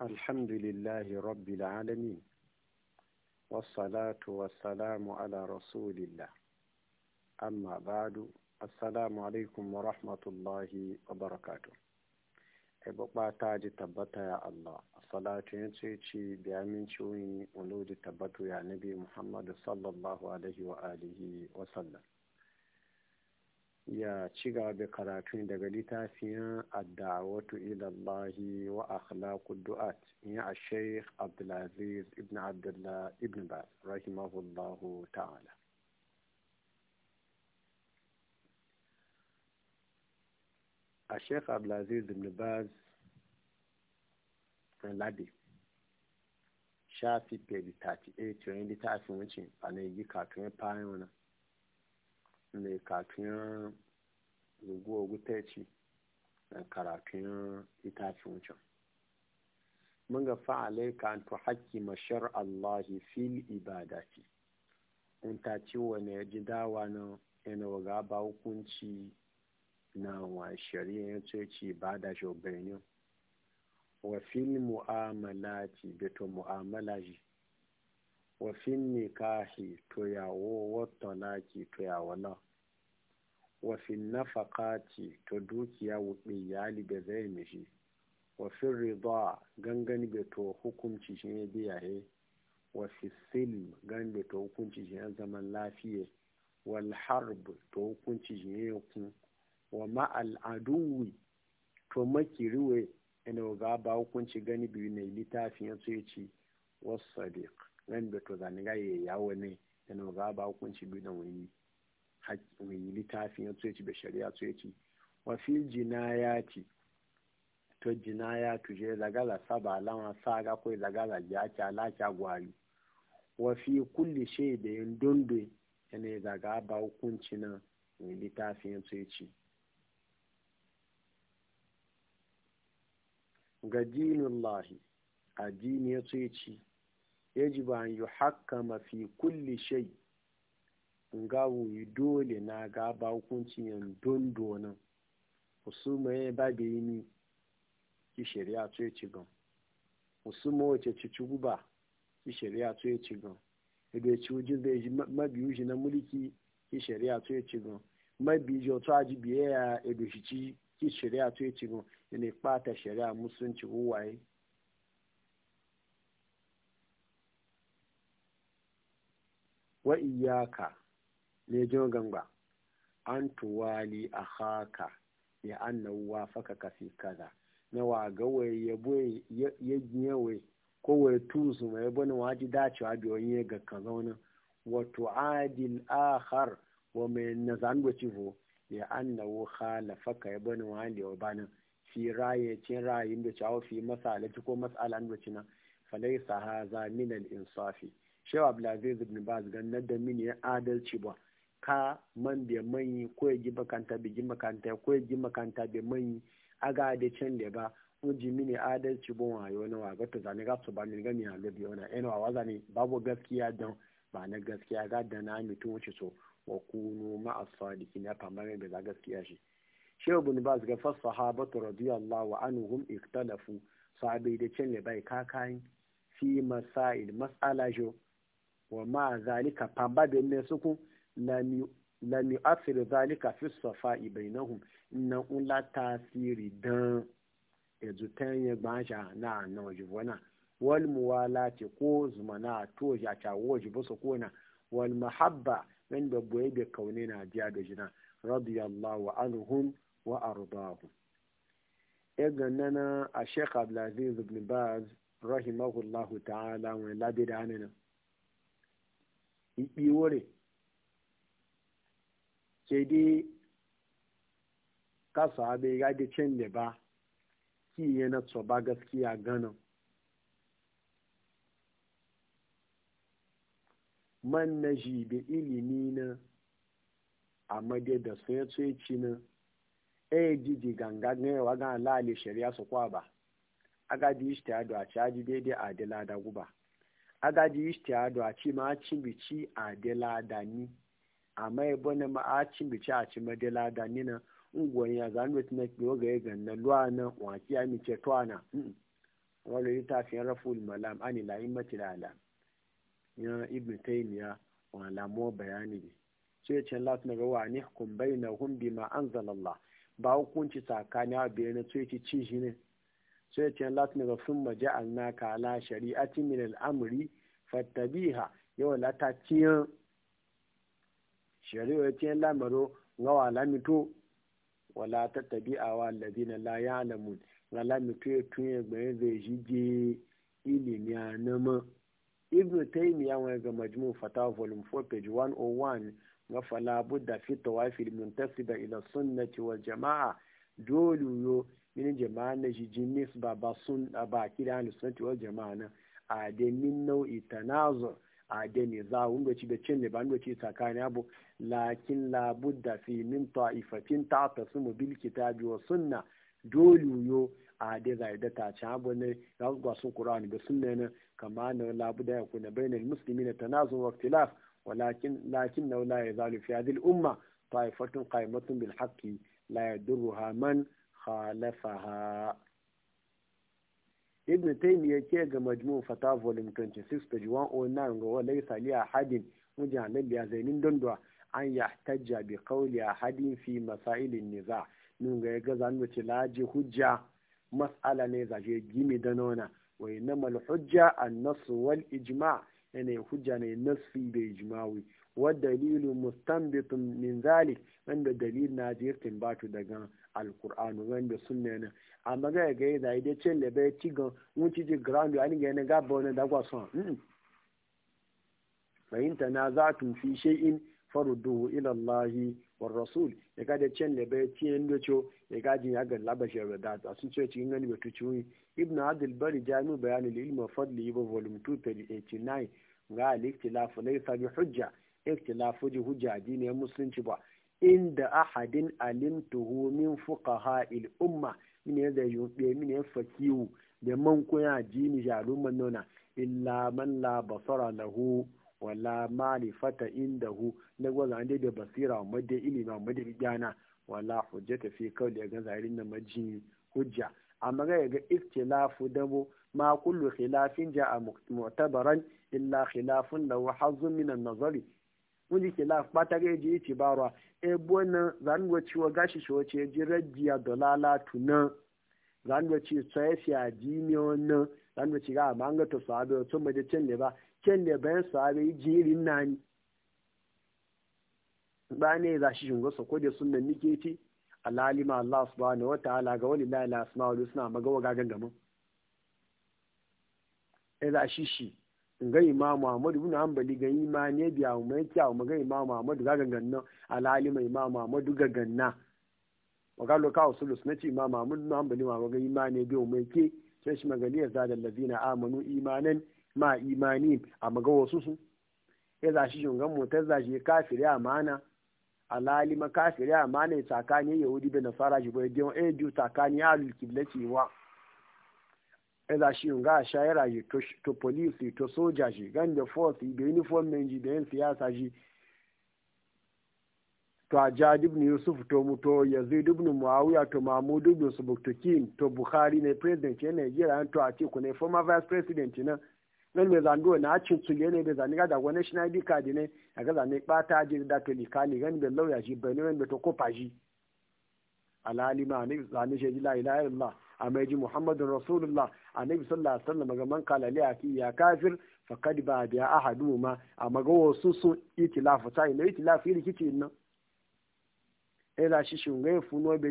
الحمد لله رب العالمين والصلاة والسلام على رسول الله أما بعد السلام عليكم ورحمة الله وبركاته إبقى تاج تبتا يا الله الصلاة ينسيتي بأمين شوين ولود تبتو يا نبي محمد صلى الله عليه وآله وسلم ya ci gaba da karatu daga littafin addawatu ilallahi wa akhlaqu du'at ya a sheikh abdulaziz ibn abdullah ibn baz rahimahullahu ta'ala a sheikh abdulaziz ibn baz ladi shafi 38 wani littafin wuce a na yi katun fayin wani mai katun wuta ce da karatun itacin wucin mun ga fa'alai ka an tu haƙƙi mashar Allahi fil ibadati in ta ci wani ya ji dawa na yana waga ba hukunci na wa shari'a ya ce ci ba da shoganin wa fil mu'amalati beto mu'amalaji wafin nikahi yawo wata laki toyawo na wafin nafakaci to dukiya wuɗe yali da zai mishi wafin rida gangan da to hukunci shi ne he wafi silm gan da to hukunci shi ne zaman lafiya wal harb to hukunci shi ne kun wa ma al aduwi to makiriwe ina ga ba hukunci gani biyu ne littafin ya ce wasu sadiq Wani da to zani ga ya yawo ne na ga ba hukunci bi da wani wani littafin ya tsoye da shari'a tsoye ci wa fi jinayati to jinaya tuje lagala saba lama saga ko zagala jacha lacha gwari wa fi kulli shay da yin dondo yana zaga ba hukunci na wani littafin ya tsoye ga dinullahi a ya tsoye ci yajibu an yi hakama fi kulli shai nga wuyi dole na ga ba hukuncin yan don donan husuma ya ba da yi ni ki shari'a to ya ci gan husuma wace ci ci ki shari'a to ya ci gan ebe ci wujin zai ji mabiyu shi na muliki ki shari'a to ya ci gan mabiyu jo to aji biyayya ebe shi ci ki shari'a to ya na gan yana ipata shari'a musulunci huwaye wa iyaka ne jogan ba an tuwali a haka ya an na faka kafi kaza na wa gawai ya gnewe kowai tusu mai bani waji dacewa da wani ga kaza wato adil ahar wa mai na da cifo ya an na khalafaka ya bani wani wa banin fi raye cin rayin da cewa fi masala ko masala da falai sa haza min insafi cewa abdulaziz ibn baz gannar da mini ya adalci ba ka man bai manyi ko ya gi makanta bai gi makanta ko ya gi makanta bai manyi aga da can da ba uji mini adalci bon wayo na waga to zane ga su ba ni gani a lobi ona ina wa zane babu gaskiya don ba na gaskiya ga da na mutum wuce so wa kunu ma as-sadiqi na famarin da gaskiya shi shehu ibn baz ga fas sahabatu radiyallahu anhum iktalafu sahabai da can da bai kakayin fi masail mas'ala jo wa ma zalika pamba da ne suku mi yu'athir zalika fi safa bainahum na ula tasiri dan ezutan ya gbanja na na wajibona wal muwalati ko zumana to ya ta wajibu su na wal mahabba min da boye da kaune na jiya da jina radiyallahu anhum wa ardahum e ganana a sheikh abdulaziz ibn baz rahimahullahu ta'ala wa ladida ìpì wórè ṣe dé kasa abe ya da can ba ki yana tsoba gaskiya ganin man na shi da ilimi na a made da sun ya na e ganga gaiwa ga alali shari'a su kwa ba aga di shi ta yado a caji daidai a da guba agaji isti adu ci ma a cin adela a ama amma ya bane ma a cin bici a ci ma na unguwan ya zanu wata na kiyo ga ya ganna luwa na waki ya mice tuwa na wani littafin raful malam ani la immati da ala ya ibn taymiya wa lamo bayani ne sai ce Allah na ga wani hukum bainahum bima anzalallah ba hukunci tsakanin abin na tsoyi ci shi ne sai ce lati ne ba sun maji a ala shari'ati min al'amri fattabiha yawa la ta ciyan shari'a ce lamaro ngawa lamito wala ta tattabi'a wa na la ya'lamun nga lamito ya tunye gbaye zai jige ilimi nama ibn taymiya wa ga majmu fatawa volume 4 page 101 nga fala budda fi tawafil muntasiba ila sunnati wal jama'a dole yo minin jama'a na shi jimis ba ba sun ba kira alisanti tuwa jama'a na a da min nau'i tanazo a da ne za a ci da cin ne ba wunga ci tsakani abu lakin labudda fi min ta'ifatin ta ta su mu bil kitabi wa sunna dole yo a da zai da ta ci abu ne ga gwasun qur'ani da sunna ne kama na labudda ya kuna bainal muslimin tanazo wa ikhtilaf walakin lakin la zalu fi hadhihi al umma ta'ifatun qaimatun bil haqqi la yadurruha man khalafaha ibn taymiya ke ga majmu fata volume 26 page 109 ga wala yasali ahadin wajen nan biya zainin dondwa an yahtajja bi qawli ahadin fi masailin niza nun ga ga zan wuce laji hujja mas'ala ne zaje gimi da nona wa innamal hujja an-nass wal ijma' yana hujja ne nassi da ijma'i wa dalilu mustanbitun min zalik wanda dalil na jirtin batu daga alkur'anu wanda sunna ne amma ga ga da ide cin da bai uh, ci gan mun ci ji ground ani ga ne bo wannan da kwaso fa in tanaza'tum fi shay'in farudduhu ila Allah war rasul ya ga da cin da bai ci en cho ya uh, ga jin ya ga labashar da ta sun ce cikin gani batu ciwi ibn abdul bari jami bayan al-ilm fadli ba volume 2 page 89 ga al-ikhtilaf laysa bi hujja ikhtilafu ji hujja ne musulunci ba inda ahadin alimtuhu min fuqaha il umma min ya da min ya fakiwu da man ji jini jarun man nona illa man la basara lahu wala malifata indahu na gwaza an da basira madda ilima madda bidana wala hujjata fi kawli ga zahirin na majin hujja amma ga ga ikhtilafu dabo ma kullu khilafin ja'a mu'tabaran illa khilafun lahu hazzun min an-nazari wani khilaf bata ga ji ci barwa e bona zan go wa gashi shi wace ji rajiya dalala tuna zan go ci sai e fi ajini wannan zan go ci ga manga to sahabe to mu da cin ba cin da e bayan sahabe jirin nani ba ne za shi shingo sa ko da sunnan nike ci alalima Allah subhanahu wa ta'ala ga wani la ilaha illa huwa suna magawa gagan gamin e za shi shi ga imam ahmadu ibn Hanbali ga imani biya mu yake a mu ga imam ahmadu ga ganna alalima imam ahmadu ga ganna wa ga loka usul ci imam Muhammad ibn Hanbali ma ga imani biya mu yake sai shi ya zada ladina amanu imanan ma imani a maga wasu su ya mu ta motar shi kafiri amana alalima kafiri amana tsakanin yahudi da nasara shi ya biyo eh biyu tsakanin alul kiblati wa ila e shi ga shayara ji to polisi to soja ji gan da force da uniform men ji da yan siyasa ji to a ja ibn yusuf to muto yazid ibn muawiya to mahmud ibn subuktukin to bukhari ne president ya nigeria an to atiku ne former vice president na nan mai zando na cin tule ne da zani gada wani shi na bi kadi ne a ga zane bata ji da to likali gani da lauya shi bai ne wani to kofa shi alalima ne zane shi la ilaha illallah a mai ji muhammadun rasulullah annabi sallallahu alaihi wasallam ga man kala liya ki ya kafir faqad ba biya ahadu ma amma ga wasu sun itilafu ta ina itilafu yi rikici nan ila shi shunga funo be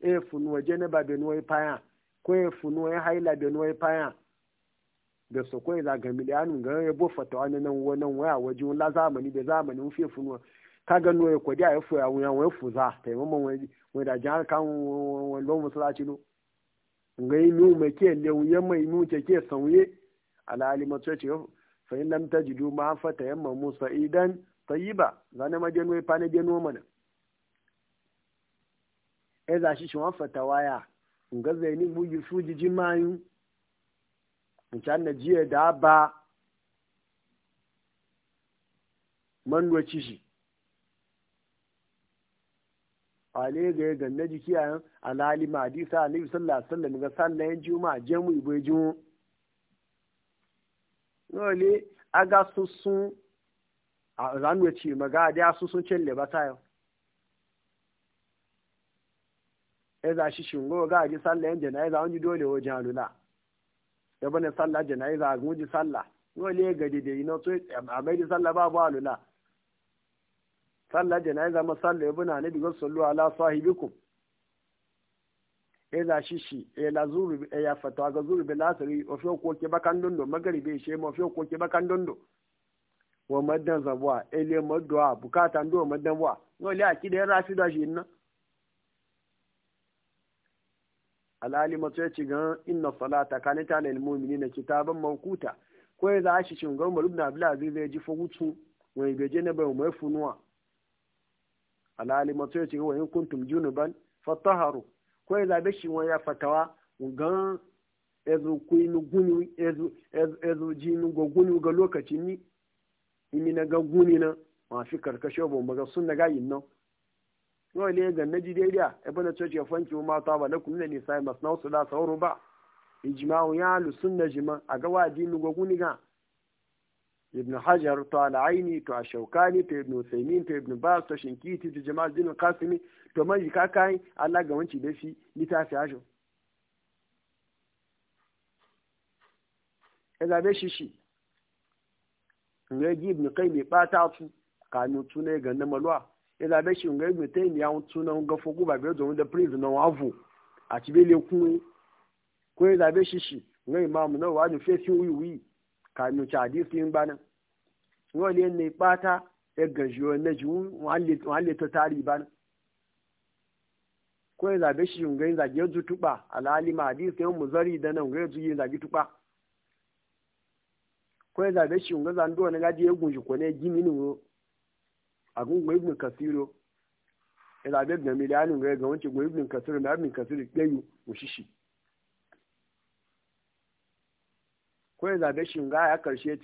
e funo je ne ba be no e paya ko e funo e haila be no e paya da su ko ila ga miliyanu ga ya bo fatawa nan wannan waya waje la zamani be zamani mu fi funo kaga no e ko dia e fu ya wuya we fuza ta mamman we da jar kan wani lo no ngai nu mai ke lewu ya mai mu ke ke sauye ala alimatu ce fa in lam tajidu ma fata yamma musa idan tayyiba zane ma genu ya fane mana e za shi shin fata waya nga zaini bu yi suji jimayu na jiya e da ba man ci shi ale ga ga na jiki a alali ma hadisa annabi sallallahu alaihi wasallam ga sallayen juma'a jamu ibo jumu nole aga susun a ranuwa ce maga da susun cin lebata yau e za shi shingo ga ji sallayen jana'iza wani dole wajen halula ya bane sallah jana'iza a guji sallah nole ga dide yi na so a mai sallah babu lula. sallah jana'iza ma sallah ya buna ne diga sallu ala sahibikum e za shi shi e la zuru e ya fatawa ga zuru bi lasari o fi ko bakan dondo magaribe she ma fi ko ke bakan dondo wa madan zabwa e le madwa bukata ndo madan wa no le akida ya rafi da shi nan alali mato ya ci gan inna salata kanita lil mu'minina kitaban mankuta ko ya za shi shin ga umar ibn abdul aziz ya ji fa wani beje na bai mai funuwa alali mo ya cikin wani kuntum junuban fataharu ko ya zabe shi wani ya fatawa gan ezu kuinu guni ezu ezu jinu go ga lokaci ni imi na ga guni na ma fi karkashin bon maga sun na gayin nan no ne ga naji daidai bana church ya fanki ma ta ba lakum ne sai masnausu la sauru ba ijma'u ya lu sunna jima ga wa dinu go guni ga ibn hajar to al'aini to a shaukani to ibn usaimin to ibn bas to shinkiti to jama'ar dinin kasimi to man jika kayan allah ga wanci da shi littafi hajo ezabe shi shi ngayi ibn kai mai bata su kanu tunai ga na malwa ezabe shi ngayi ibn taimi ya tunan ga fogu ba bai zo da prison na wavu a cibele kun ko ezabe shi shi ngayi mamu na wani fesin wuyi wuyi kanu ci hadisi yin bana wani yin ne bata ya gaji na ji wale ta tari bana ko ya zabe shi yin gani zage yanzu tuba ma hadisi yin muzari da nan gani yin zage tuba ko ya zabe shi yin gani zando na gaji ya gunshi ne gini ne wuro a gungun ibn kasiro ya zabe da miliyanin gani ga wancan gungun ibn kasiro na ibn kasiro ɗayu mushishi ko ya zabe shi ga ya karshe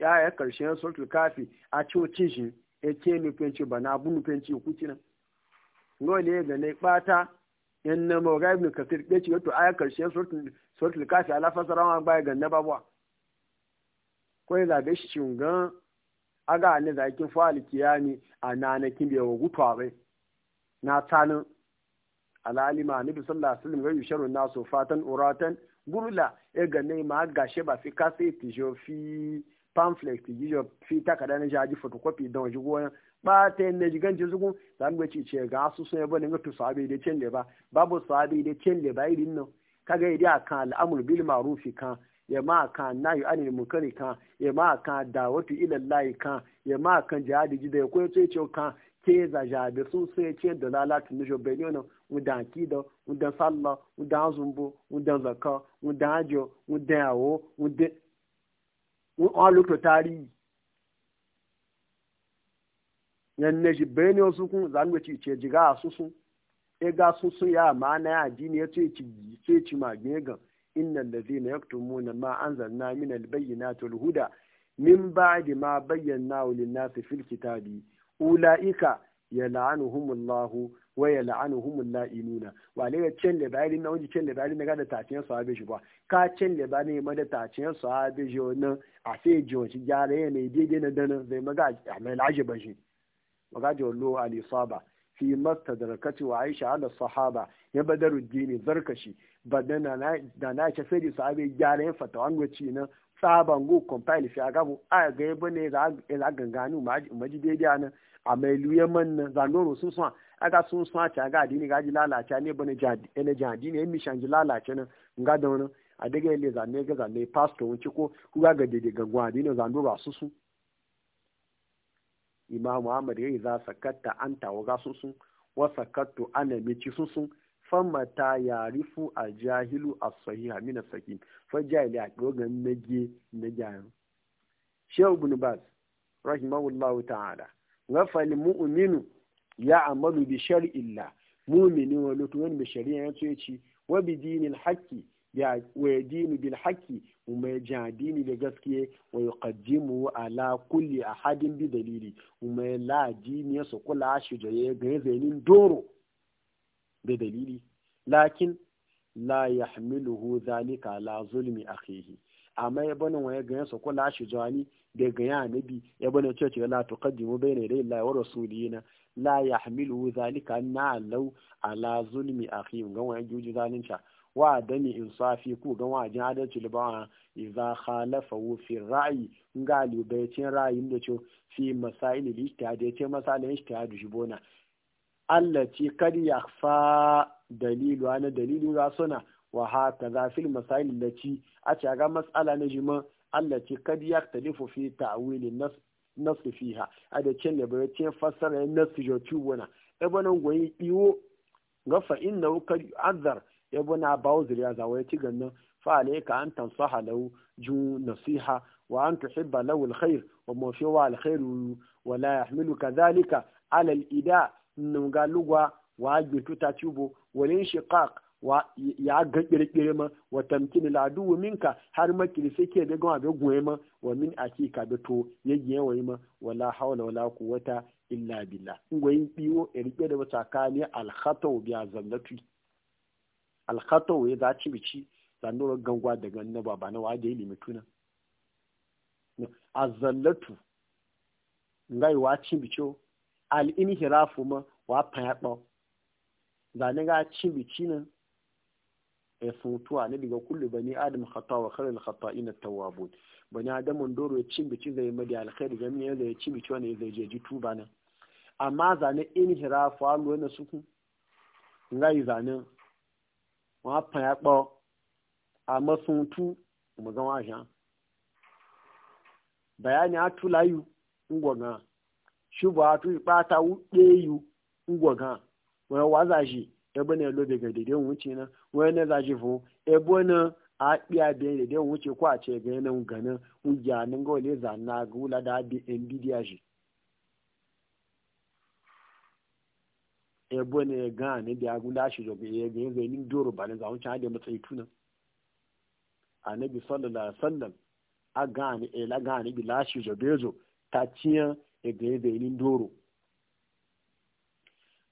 ya ya karshe sortu kafi a cocin shi ya ce nufinci ba na bu nufinci kuci nan ne ga ne bata yan na mawga ibn kasir ya ce to ya karshe ya sortu kafi a fasara ma ba ga na ba ko ya zabe shi a ga ne zakin fali kiyami a nanakin bai wa gutwa bai na tsanin alalima nabi sallallahu alaihi wasallam ga yusharu nasu fatan uratan gurula e ne ma she ba fi cassette jo fi pamphlet jo fi takada ne jaji photocopy don ji ba ta ne ji ganje zugun zan ga ci ce ga su sun yabo ne ga to sahabi da ba babu sahabi da cin ba irin nan kaga idi akan al'amur bil ma'rufi kan ya ma kan yu anil munkari kan ya ma kan dawatu ila llahi kan ya ma kan jihadi da ya koyo ce kan ke za jabe sun sai ce da lalata na jobeni wani udan kido udan sallah udan zumbu udan zaka udan ajo udan yawo udan aluto tarihi yan na jibeni wasu kun zanuwa ci ce jiga a susun e ga susun ya ma na ya ji ne ya ce ci ce ci ma gegan innal ladhina yaktumuna ma anzalna min al-bayyinati wal huda min ba'di ma bayyana lin-nasi fil kitabi ula'ika ya la'anuhumullahu wa ya la'anuhumul la'inuna wa ne cin labari na wani cin labari na gada tafiyan sahabe shi ba ka cin labari ma da tafiyan sahabe shi wannan a sai ji wani gyara ya ne daidai na dana zai maga a mai laji ba shi maga ji wallo alisaba fi masta da rakati wa aisha ala sahaba ya badaru dini zarkashi ba da na ce sai da sahabe gyara ya fata wani wacce na tsaban go compile fi a gabu a ga ya za a ganganu maji daidai a nan amma iluye man na zanoro sun suna aga sun sun a ga adini ga ji lalace ne bane ene ji adini en mishan ji lalace nan nga da wani a daga ile zane ga zane pastor wunci ko kuga ga dede ga adini a zanoro a susu imamu ya yi za sakatta an wa ga susu wa sakattu ana mici susu sun ta ya rifu a jahilu a sahiha mina sakin fa jahili a dogon nage na jayan shehu bin bas rahimahullahu ta'ala ghafal mu'minu ya amalu bi shar'illah mu'mini wa lutun bi shari'a ya ce ci wa bi dinil haqqi ya wa dinu bil haqqi umma ja dini da gaskiye wa yuqaddimu ala kulli ahadin bi dalili umma la dini ya kula shi da ya ga zainin doro da dalili lakin la yahmiluhu zalika la zulmi akhihi amma ya bana wa ya ga su kula shi jani daga ya nabi ya bane cewa ce la tuqaddimu bayna yaday llahi wa rasulina la yahmilu zalika anna law ala zulmi akhim ga wani juji zalunta wa dani insafi ku ga wani jin adalci libawa idza khalafa fi ra'yi ga cin ra'yin da cewa fi masail al-ijtihad ya ce masail al-ijtihad allati kad yakhfa dalilu ana dalilu rasuna wa haka za fil masail lati a ce ga mas'ala na jima التي قد يختلف في تأويل النص نص فيها هذا كان بيتين فسر النص جوتيونا ابن وين يو غفا إنه قد يعذر ابن عباوز رياضة ويتغن فعليك أن تنصح له جو نصيحة وأن تحب له الخير وما فيه الخير ولا يحمل كذلك على الإداء نمغالوغا واجب تتاتيبو والانشقاق ya ga kirkire ma wa tamkin ladu minka har ma makiri ke da gwa ga goye ma wa min ka da to yayye wai ma wala hawla wala quwwata illa billah ngoyin biwo irke da tsakani al khataw bi azallatu al khataw ya da ci bici zanuro gangwa daga na baba na wa da ilimi tuna azallatu ngai wa ci bicho al inhirafu ma wa fa ya zane ga ci bici nan ya na ne daga kullu bani adam khata wa khairul khata'in at-tawwabun bani adam ndoro ya cin bici zai madi alkhairi ga min zai cin bici wani zai je jitu tuba amma zane inhirafu alu na suku ngai zanen wa fa ya kpo a masuntu mu ga wa sha bayani atulayu ngwaga shubha tu ipata deyu ngwaga wa wazaji ya bane lobe ga dede wuce na wani za shi fo ebo na a biya biyan da dai wuce ko a ce ga yanan ganin wuya nan ga wale za ga wula da bi nvidia shi ebo ya ga ne biya gula shi da ya ga yanzu ni doro ba ne za wuce hade matsayi tunan annabi sallallahu alaihi wasallam a ga ne ela ga ne bi lashi da zo ta ciyan ga yanzu ni doro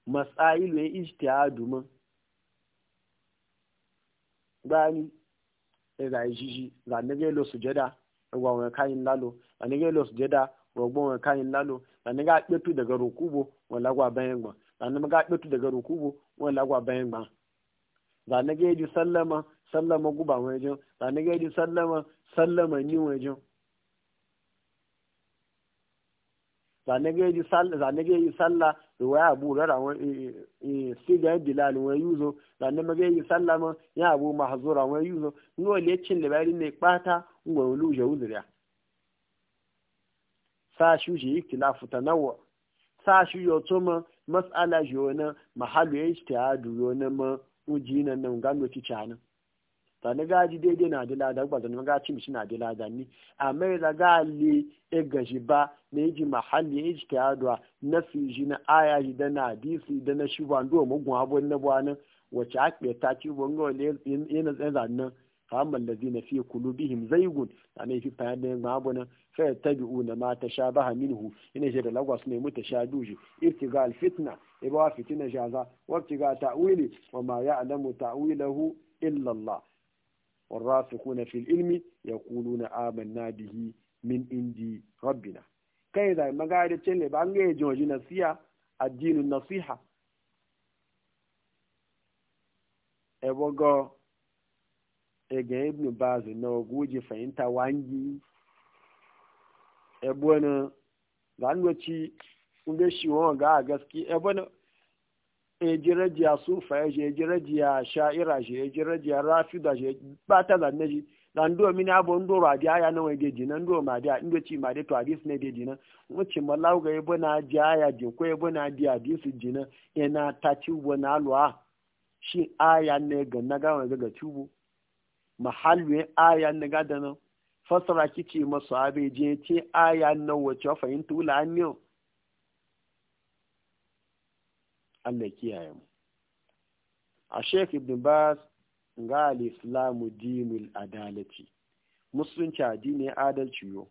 masailu ya ijtihadu mun bani ega ijiji la nege lo sujada wa wa kayin lalo la nege lo sujada wa gbo wa kayin lalo la nege akpetu daga rukubo wa lagwa bayan gba la nege akpetu daga rukubo wa lagwa bayan gba la nege ji sallama sallama guba wajen la nege ji sallama sallama ni wajen zanage yi sallah riwaya abu rara eh, eh, eh, siga bilal wani yuzo zane mage yi sallah ma ya abu mahazura wani yuzo ngo le cin labari ne kpata ngo lu je uzuriya sa shu je ikhtilafu nawa sa shu yo tuma mas'ala jona mahallu ijtihadu yona ma ujinan nan gando ci canan tani gaji daidai na da lada na ga cin shi na da lada ni amma ya ga le e gaji ba ne ji mahalli e ji tayadwa na fiji na aya ji da na disi da na shi wando a mugun abun na wacce a kai ta ci bon go le tsaye zan nan kamar da zina kulubihim zaigun a ne fifa yadda yin mabunan fayar tabi'u na ma ta sha baha minhu ina shi da lagos ne muta sha duju ga alfitna ibawa fitina shaza wabtiga ta'wili wa ma alamu ta'wilahu illallah والراسخون في العلم يقولون آمنا به من عند ربنا كيدا ما قاعد تشلي بانجي جوجي نصيحة الدين النصيحة ebogo ege ibn baz na oguji fahimta wangi ebona zanwaci kun ga shi wa ga gaskiya ejira sufa ya je ejira jiya sha'ira rafida je bata da naji da ndo mini abo ndo radi aya na wege jina ndo ma dia ndo chi ma de to hadis ne de jina wuce mallau ga yebo na ji aya je ko yebo na dia hadis jina ina e ta ci wo na alwa shi aya ne ga Allah kiyaye mu a Sheikh Ibn Baz ga al-Islamu dinul adalati musulunci addini adalci yo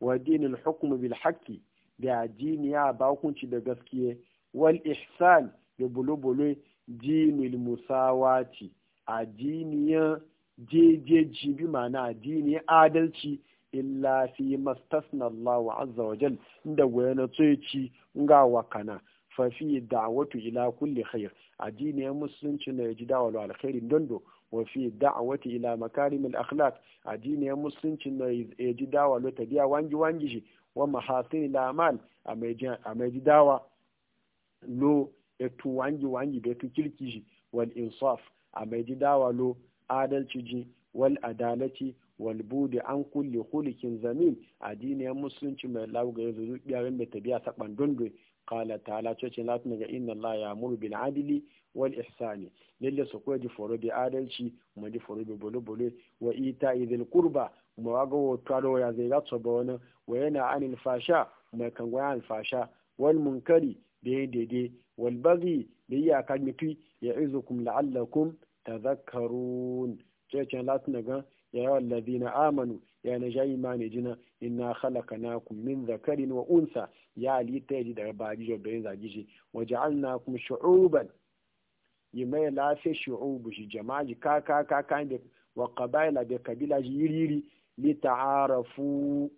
wa dinul hukm bil haqqi da addini ya ba da gaskiye wal ihsan da bulubulu dinul musawati ya jeje jibi mana addini adalci illa fi mastasna Allah azza wa jal inda wayana tsoyici ga wakana fafi da'watu ila kulli khair addini ya musulunci na ji da'wa alkhairi dondo wa fi da'wati ila makarim al-akhlaq addini ya musulunci na ji da'wa lo tabiya wangi wangi shi wa mahasin al-amal a mai ji da'wa lo etu wangi wangi da etu kirki shi wal insaf a mai ji da'wa lo adalci ji wal adalati wal budi an kulli hulikin zamin addini ya musulunci mai lauga ya zuzu biyarin da tabiya ta dondo kala tala to ce latin ga inna allaha ya'muru bil adli wal ihsani lalle su ko ji foro adalci mu ji foro bi bolo bolo wa ita idil qurba mu waga wo taro ya zai ga tsoba wani wa yana anil fasha mai kan goya al fasha wal munkari da ya daidai wal baghi da ya kan mitu ya izukum la'allakum tadhakkarun ce ce latin ga ya yawan ladina amanu ya na ja imani jina inna khalaqnakum min zakarin wa unsa ya halitta ya ji daga baji jobirin zagi shi waje an na kuma shu'uban yi mai lafiya shu'ubu shi jama'a ji kaka kaka da wa kabaila da kabila ji yiriri li ta'arafu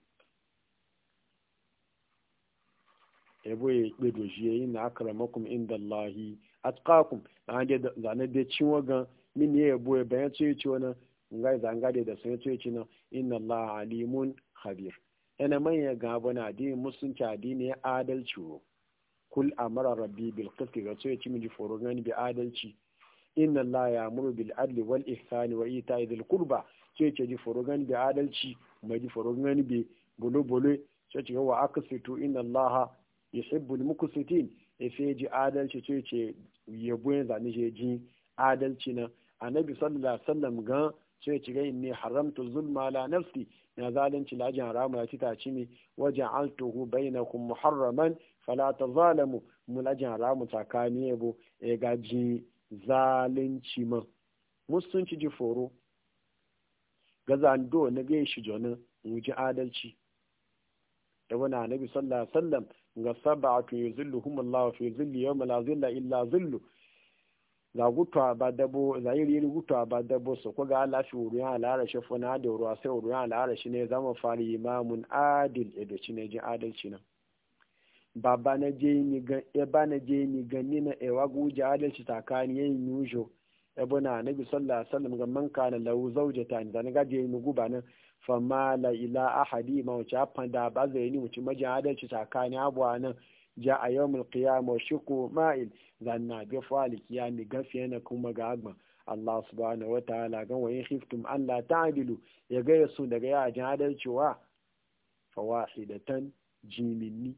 yabo ya kpe doshi ya yi na akramakum inda Allahi atqakum na hange zane da ciwo gan mini ya yabo ya bayan ciwo nan nga zanga da sun ciwo nan inna lahi alimun khabir ina manya gabana na addini musulunci addini ya adalci wo kul amara rabbi bil qisti ga so ya miji foro gani bi adalci inna ya muru bil adli wal ihsani wa ita'i dil qurba so ya ji foro gani bi adalci mai ji foro gani bi bolo bolo so ya wa aqsitu inna allah yuhibbul muqsitin ife ji adalci so ya ce yabo yanzu ne je ji adalci na annabi sallallahu alaihi wasallam ga so ya ga inni haramtu zulma ala nafsi na zalunci lajin harama ya tita ci mi wajen altuhu bainakum muharraman fala tazalamu mu tsakanin haramu tsakani yabo e gaji zalunci man musunci ji foro ga zando na gai shi jonin wuji adalci da wani sallasallam ga alaihi a ga sab'atu yuzilluhum Allah fi zilli yawma la zilla illa zillu za gutu a badabo za yi riri gutu a badabo su ko wuri alashi wurin shi funa da ruwa sai wurin shi ne zama fari imamun adil edoci ne jin adalci nan baba na je ni gan e na je ni gani na ewa guji adalci takani yayin e yujo ebo na nabi sallallahu alaihi wasallam ga man kana lahu zawjatan da na je ni guba nan fa ma la ila ahadi ma wace afan da ba zai ni mutum majin adalci takani abuwa nan ja a yau mulkiyama shiko ma'il zanna bi fali ni gafiya na kuma ga agba Allah subhanahu wa ta'ala gan wayin khiftum Allah ta'dilu ya gaya su daga ya jin adalcewa tan jimini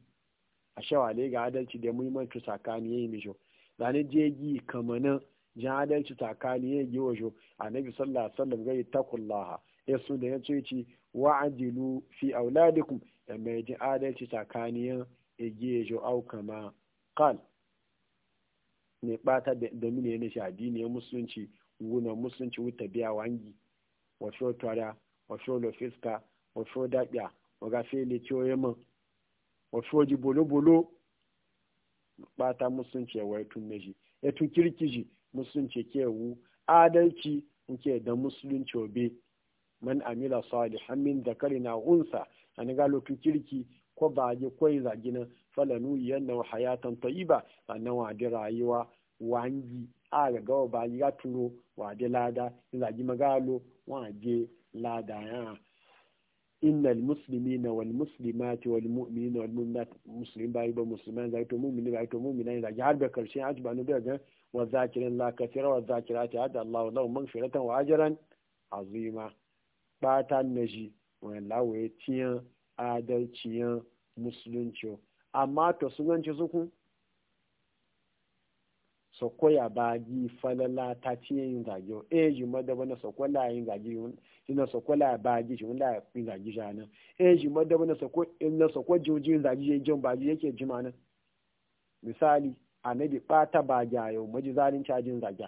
a shawale ga adalci da muhimmanci tsakani yayi mijo zane jeji kamanan jin adalci tsakani yayi yojo annabi sallallahu alaihi wasallam ga takullaha ya su da ya ci wa'adilu fi auladikum da mai jin adalci tsakaniyan ejejo au kama qal ne kpata da mine ne shadi ne musulunci wuna musulunci wuta biya wangi wato tara wato lofiska wato dabiya waga fele ciyoyema wasu ji bolo bolo kpata musulunci ya waye tun meji ya tun kirkiji musulunci ke wu adalci nke da musulunci obe man amila salihan min zakarina unsa an ga lokacin kirki ko ba ji ko zagi nan falanu na hayatan ba sannan wa rayuwa wangi a ga gawa ba ya turo wa da lada zagi magalo wa lada ya innal muslimina wal muslimati wal mu'minina wal mu'minat muslim bai ba musliman zai to mu'mini bai to mu'mina zai har karshe a ji ba ne wa zakirin la kasira wa zakirati hada Allah wa azima bata naji wa lawaye tiyan adalciyan musulunci amma to sunanci zuku sokoya ba gi falala ta ci yin zage e ji madaba na sokola yin zage yin na sokola ba gi ji la yin zage jana e ji madaba na soko in na soko ji ji yin ba bagi yake ji mana misali annabi bata bagi yau maji zalin cajin zage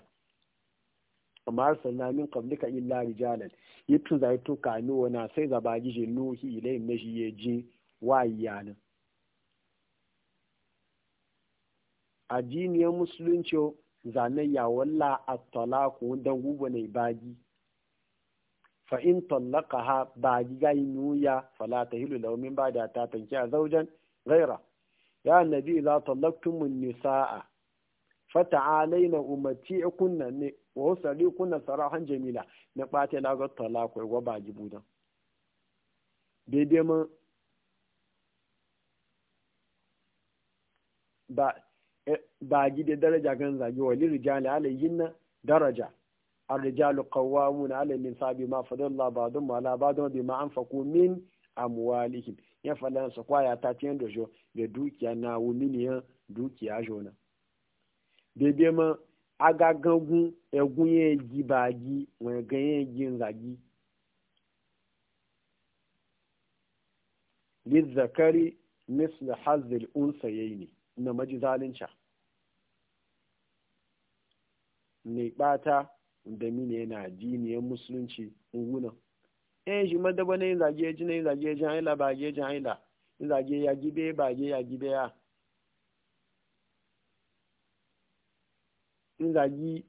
amma arsalna min qablika illa rijalan yitun zai to kanu wana sai zabagi je nuhi ilai nashi ji. wa wayanin addiniyar musulunci zanen ya walla a talaku don gugu ne bagi fa'in tallaka ha bagi ga yi fala falata hilu laumin ba da ta tanki a zaujan gaira ya nabi za min nisa'a fa ta'alaina umarci kunna ne wa usali kunna sarahan jamila na ɓata ga talaku ya gwaba gibudan daidai mun. ba eh, ba gide daraja kan zage wa lirijali alayhin na daraja الرجال قوامون على النساء labadun ma الله بعضهم على بعض بما min a أموالهم ya falan su kwaya ta tiyan da jo da dukiya na wuminiyan dukiya jona daidai ma agagangun egun ya gi bagi wani ganyen gi zagi lizzakari misli hazil unsa ne na maji zalunca mai ɓata da mine yana jiniyar musulunci ungunan eh shi madaba ne zage ji ne zage ji haila ba ge ji haila zage ya gibe ba ge ya gibe ya in zagi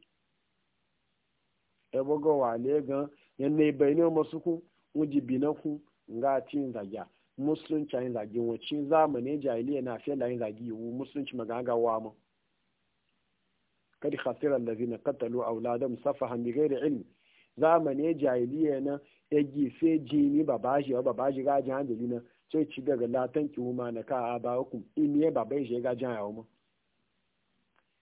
ebogo wa le gan yan ne bayne masu ku wuji binaku nga tin zaga musulunci ayin zagi wacin zamani jahiliya na fiye da ayin zagi yiwu musulunci magagawa mu kadi khasirar lazi na katalu a wuladar musafa hannu gai da ilmi zamani jahiliya na ya gife jini ba ba shi ba ba shi gaji hanjali na sai ci daga latan ki huma na ka a hukum imiye ba bai shi gaji hayawa mu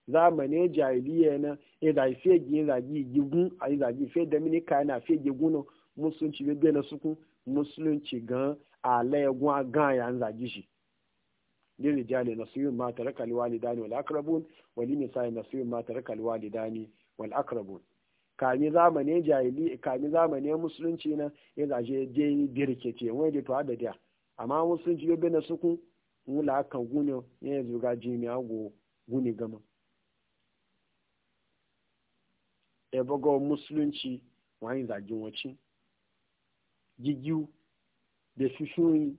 zamani jahiliya na ya zai fiye gini zagi gigun a yi zagi fiye da minika yana fiye gigunan musulunci bai na sukun musulunci gan alayagwa gan ya zagi shi lirijali nasiru ma taraka alwalidani wal aqrabun wali misai nasiru ma taraka alwalidani wal akrabun kami zamanin jahili kami zamanin musulunci na ya zaje je birke ce wai da to da amma musulunci yobe na suku mula kan gunyo ya ga jimi ago guni gama ebogo musulunci wani zagin wacin jijiu da shushuyi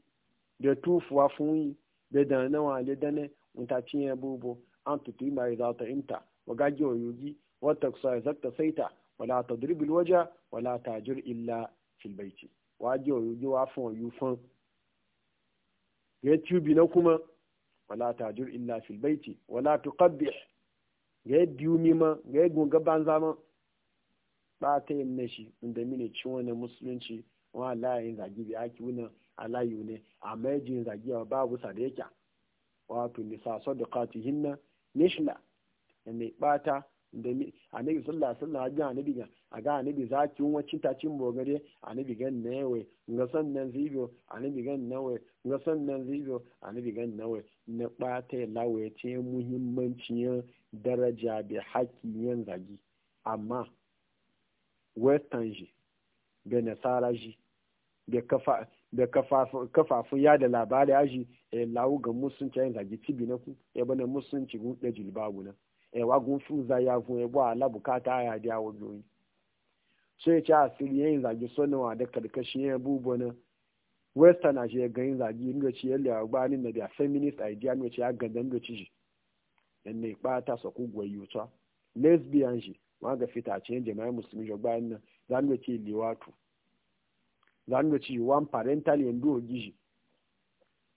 da tufuwa funyi da danawa da dane mutacin ya bubu an tutu mai za ta imta wa gagi wa yugi wata kusa zakta saita wala ta dribil waja wala ta jir illa filbaiti wa gi wa yugi wa fun wa yufan ya tubi na kuma wala ta jir illa filbaiti wala tuqabbih ga ya biyu mima ga ya gunga banza ma ba ta yin nashi inda mini ciwon na musulunci wọn alayin zagi bi aki wunan alayu ne amma yajin zagi wa babu sadaka wato nisa sadaqati hinna nishla ne bata da ni annabi sallallahu alaihi wasallam ga annabi ga aga annabi zakin wacin tacin bogare annabi gan nawe ga sannan zibo annabi gan nawe ga nan zibo annabi gan nawe na bata lawe ce muhimmancin daraja bi hakiyan zagi amma western ji da nasara ji da kafafun da labari aji e lawo ga musunci ayin zagi tibi na ku e bane musunci da jilbabu na e wagun fuza ya gun e bwa ala bukata ya di awo biyoyi so ya ci asiri yayin zagi sonawa da karkashin ya bubo na western a ya gani zagi inda ci ya lewa gbanin na da feminist idea inda ci ya ganda da ci yan ne bata sa ku gwayo ta lesbian ji ma ga fita ce jama'a musulmi jogbanin nan zan da ci liwatu zanu ci wan parental yandu ogiji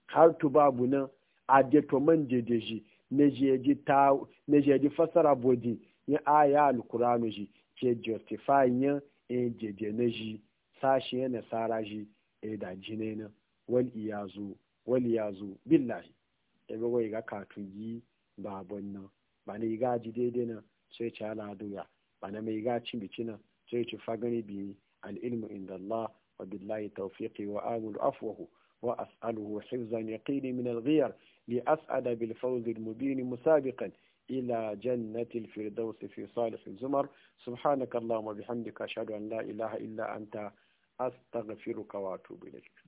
har tu babu nan a je to man je je je ta fasara bodi ya aya alqur'anu ji ke justify yan e jeje je sashi ya nasara ji e da jine na wal iyazu wal iyazu billahi e go ga katu yi babon nan ba ne ga ji daidai nan sai ci ala doya ba na mai ga cin biki nan sai ci fagani biyu al'ilmu inda Allah وبالله توفيقي وآمل عفوه وأسأله حفظا يقيني من الغير لأسأل بالفوز المبين مسابقا إلى جنة الفردوس في صالح الزمر سبحانك اللهم وبحمدك أشهد أن لا إله إلا أنت أستغفرك وأتوب إليك